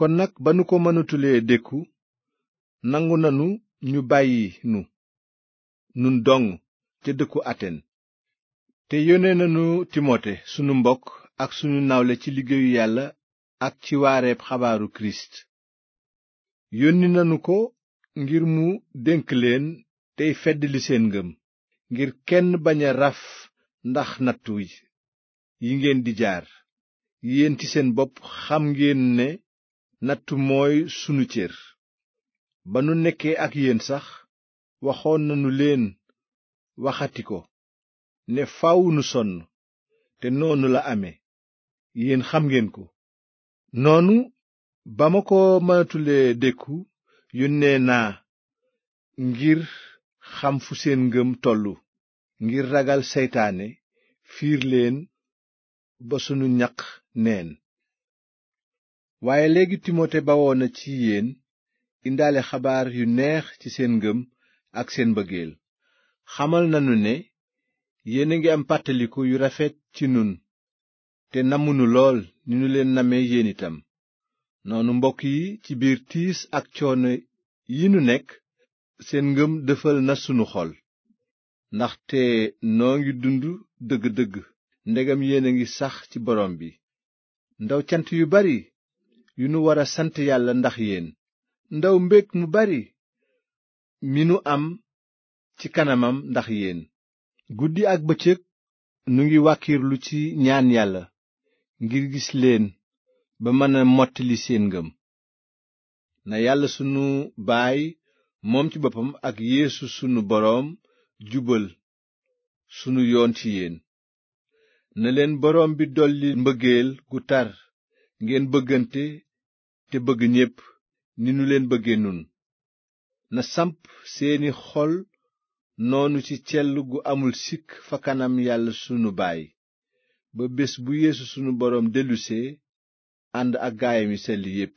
kon nag ba nu ko mënatulee dékku nangu nanu ñu bàyyi nu nun dong ca dëkku aten te yónnee nanu timote sunu mbokk ak sunu nawle ci liggéeyu yàlla ak ci waareeb xabaaru kirist yónni nanu ko ngir mu dénk leen tey li seen ngëm ngir kenn bañ a raf ndax nattu yi ngeen di jaar yéen ci seen bopp xam ngeen ne nattu mooy sunu cër ba nu nekkee ak yéen sax waxoon nanu leen waxati ko ne fàww nu sonn te noonu la ame yéen xam ngeen ko noonu ba ma ko mënatulee dëkku yónnee naa ngir xam fu seen ngëm tollu ngir ragal seytaane fiir leen ba sunu ñaq neen waaye léegi timote bawoo na ci yéen indaale xabaar yu neex ci seen ngëm ak seen mbëggeel xamal nanu ne yéen a ngi am pàttaliku yu rafet ci nun te namunu lool ni nu leen namee yéen itam noonu mbokk yi ci biir tiis ak coono yi nu nekk seen ngëm dëfal na sunu xol ndaxte noo ngi dund dëgg-dëgg ndegam yéen a ngi sax ci borom bi ndaw cant yu bari yu nu wara sant yàlla ndax yéen ndaw mbég mu bari mi nu am ci kanamam ndax yéen guddi ak bëccëg nu ngi wàkkiirlu ci ñaan yàlla ngir gis leen ba mën a mottali seen ngëm na yàlla sunu baay moom ci boppam ak yéesu sunu boroom jubal sunu yoon ci yéen na leen boroom bi dolli mbëggeel gu tar ngeen bëggante te bëgg ñépp ni nu leen bëgge nun na samp seeni xol noonu ci cell gu amul sikk fa kanam yàlla sunu baay ba bés bu yéesu sunu boroom dellusee ànd ak gaayam yu sell yépp